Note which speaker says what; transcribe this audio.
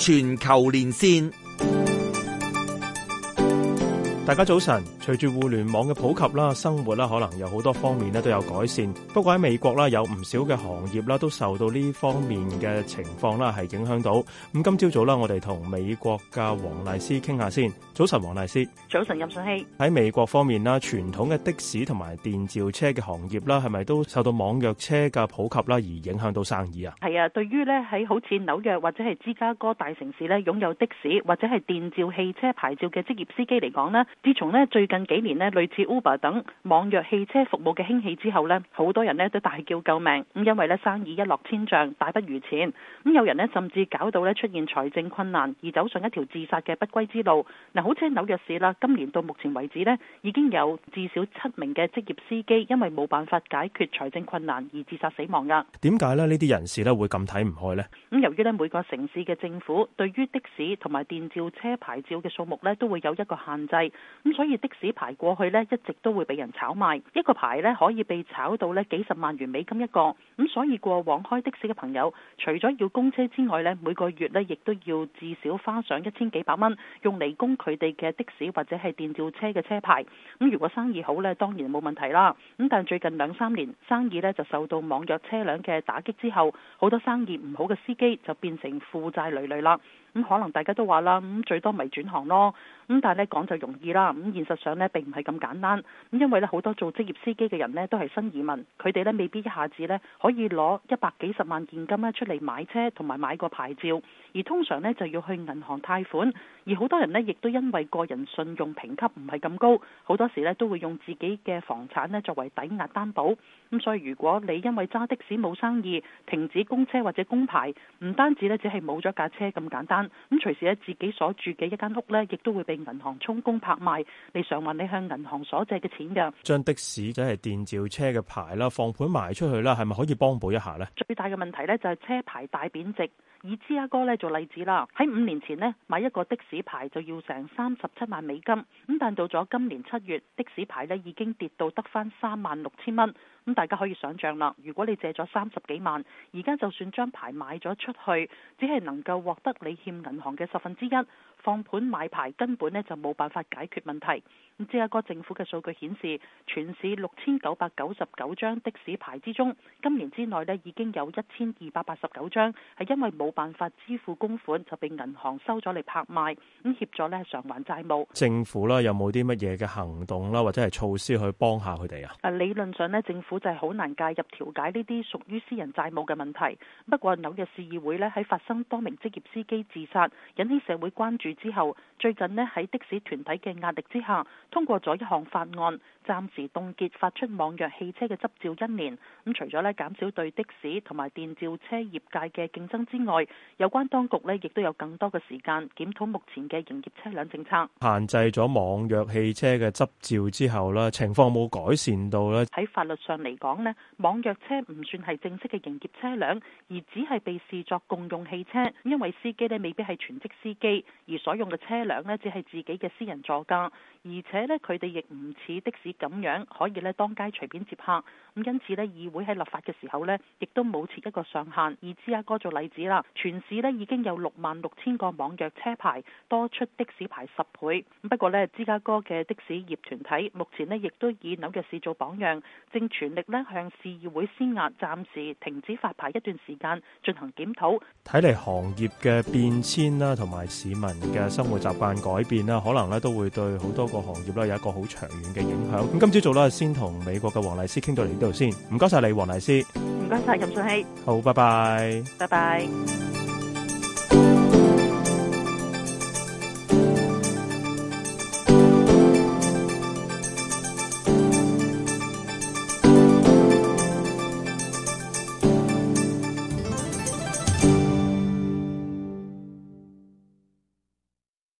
Speaker 1: 全球連線。大家早晨。隨住互聯網嘅普及啦，生活啦可能有好多方面咧都有改善。不過喺美國啦，有唔少嘅行業啦都受到呢方面嘅情況啦係影響到。咁今朝早啦，我哋同美國嘅黃麗施傾下先。早晨，黃麗施。
Speaker 2: 早晨，任順熙。
Speaker 1: 喺美國方面啦，傳統嘅的、的士同埋電召車嘅行業啦，係咪都受到網約車嘅普及啦而影響到生意啊？
Speaker 2: 係啊，對於咧喺好似紐約或者係芝加哥大城市咧擁有的士或者係電召汽車牌照嘅職業司機嚟講咧。自從咧最近幾年咧類似 Uber 等網約汽車服務嘅興起之後咧，好多人咧都大叫救命咁，因為咧生意一落千丈，大不如前。咁有人咧甚至搞到咧出現財政困難，而走上一條自殺嘅不歸之路。嗱，好似紐約市啦，今年到目前為止咧已經有至少七名嘅職業司機因為冇辦法解決財政困難而自殺死亡噶。
Speaker 1: 點解呢？呢啲人士咧會咁睇唔開呢？
Speaker 2: 咁由於咧每個城市嘅政府對於的士同埋電召車牌照嘅數目咧都會有一個限制。咁所以的士牌過去呢，一直都會被人炒賣，一個牌呢，可以被炒到呢幾十萬元美金一個。咁所以過往開的士嘅朋友，除咗要供車之外呢，每個月呢，亦都要至少花上一千幾百蚊，用嚟供佢哋嘅的士或者係電召車嘅車牌。咁如果生意好呢，當然冇問題啦。咁但最近兩三年生意呢，就受到網約車輛嘅打擊之後，好多生意唔好嘅司機就變成負債累累啦。咁可能大家都話啦，咁最多咪轉行咯。咁但係咧講就容易啦，咁現實上咧並唔係咁簡單。咁因為咧好多做職業司機嘅人咧都係新移民，佢哋咧未必一下子咧可以攞一百幾十萬現金咧出嚟買車同埋買個牌照。而通常咧就要去銀行貸款。而好多人咧亦都因為個人信用評級唔係咁高，好多時咧都會用自己嘅房產咧作為抵押擔保。咁所以如果你因為揸的士冇生意，停止供車或者供牌，唔單止咧只係冇咗架車咁簡單。咁隨時喺自己所住嘅一間屋呢，亦都會被銀行充公拍賣。你償還你向銀行所借嘅錢
Speaker 1: 㗎。將的士仔係電召車嘅牌啦，放盤賣出去啦，係咪可以幫補一下呢？
Speaker 2: 最大嘅問題呢，就係車牌大貶值。以芝加哥呢做例子啦，喺五年前呢買一個的士牌就要成三十七萬美金，咁但到咗今年七月的士牌呢已經跌到得翻三萬六千蚊，咁大家可以想象，啦，如果你借咗三十幾萬，而家就算將牌買咗出去，只係能夠獲得你欠銀行嘅十分之一，放盤買牌根本呢就冇辦法解決問題。芝加哥政府嘅數據顯示，全市六千九百九十九張的士牌之中，今年之內呢已經有一千二百八十九張係因為冇。冇辦法支付公款，就被銀行收咗嚟，拍賣咁協助咧償還債務。
Speaker 1: 政府咧有冇啲乜嘢嘅行動啦，或者係措施去幫下佢哋啊？
Speaker 2: 啊，理論上咧，政府就係好難介入調解呢啲屬於私人債務嘅問題，不過紐約市議會咧喺發生多名職業司機自殺引起社會關注之後，最近咧喺的士團體嘅壓力之下，通過咗一項法案，暫時凍結發出網約汽車嘅執照一年。咁除咗咧減少對的士同埋電召車業界嘅競爭之外，有關當局呢，亦都有更多嘅時間檢討目前嘅營業車輛政策。
Speaker 1: 限制咗網約汽車嘅執照之後咧，情況有冇改善到呢？
Speaker 2: 喺法律上嚟講呢，網約車唔算係正式嘅營業車輛，而只係被視作共用汽車。因為司機呢未必係全職司機，而所用嘅車輛呢只係自己嘅私人座駕，而且呢，佢哋亦唔似的士咁樣可以咧當街隨便接客。咁因此呢，議會喺立法嘅時候呢，亦都冇設一個上限。以芝加哥做例子啦。全市咧已經有六萬六千個網約車牌，多出的士牌十倍。不過呢，芝加哥嘅的，的士業團體目前呢亦都以紐約市做榜樣，正全力呢向市議會施壓，暫時停止發牌一段時間，進行檢討。
Speaker 1: 睇嚟行業嘅變遷啦，同埋市民嘅生活習慣改變啦，可能咧都會對好多個行業咧有一個好長遠嘅影響。咁今朝早咧先同美國嘅黃麗施傾到嚟呢度先，唔該晒你，黃麗施。
Speaker 2: 唔該晒，任順熙。
Speaker 1: 好，拜拜。
Speaker 2: 拜拜。